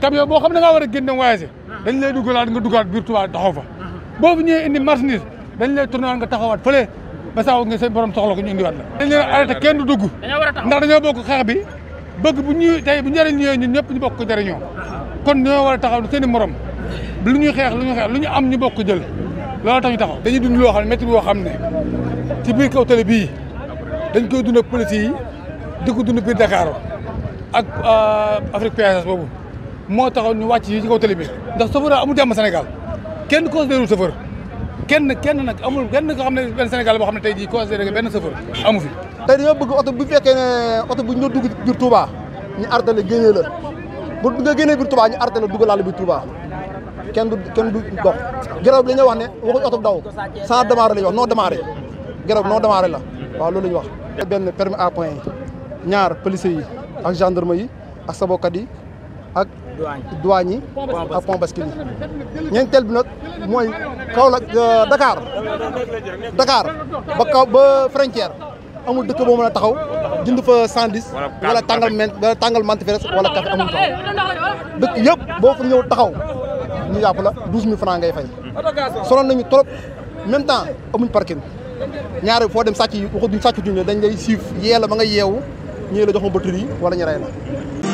camion boo xam ne da ngaa war a génn dem voyagé dugg laa dugalaat nga dugalaat biir Touba taxaw fa boobu ñëwee indi marchandise dañ lay tourné waat nga taxawaat fële ba saa nga seen borom soxla ko ñu indiwaat la dañ leen arrêté kenn dugg ndax dañoo bokk xeex bi bëgg bu ñu tey bu njëriñ ñëwee ñun ñëpp ñu bokk ko jëriñoo kon ñoo war a taxaw seen i morom lu ñuy xeex lu ñuy xeex lu ñu am ñu bokk jël loolu tax ñu taxaw dañuy dund loo xam ne métti loo xam ne ci biir kaw tali bii dañ koy dund ak si yi di ko dund biir Dakar ak euh, Afrique PSS boobu moo taxoon ñu wàcc yi ci kaw tali bi ndax chauffeur amul jàmm Sénégal kenn considéré chauffeur kenn kenn nag amul kenn koo xam ne benn boo xam ne tey jii considéré benn amu fi tey dañoo bëgg oto bu fekkee ne oto bu ñu la dugg biir Touba ñu artale génnee la bu nga génnee biir Touba ñu artale dugg laal biir Touba kenn du du dox geraw bi la ñuy wax ne waxuñ oto daw sans démarrer la ñuy wax non démarrer geraw bi non la waaw loolu la wax benn permis à point yi ñaar police yi ak gendarme yi ak sabokat yi ak douane yi ak pont bascule yi ñeenteel bi nag mooy Kaolack euh, Dakar dakaar ba kaw ba frontière amul dëkk boo mën a taxaw jënd fa 110 wala tàngal ment wala tàngal mantifres wala café amul taxaw dëkk yëpp boo fa ñëw taxaw ñu jàpp la 12000 francs ngay fay sonoon nañu trop même temps amuñ parking ñaari foo dem sàcc yi waxu duñ sàcc duñ dañ lay siif yee la ba nga yeewu ñii la jox ma batterie wala ñu la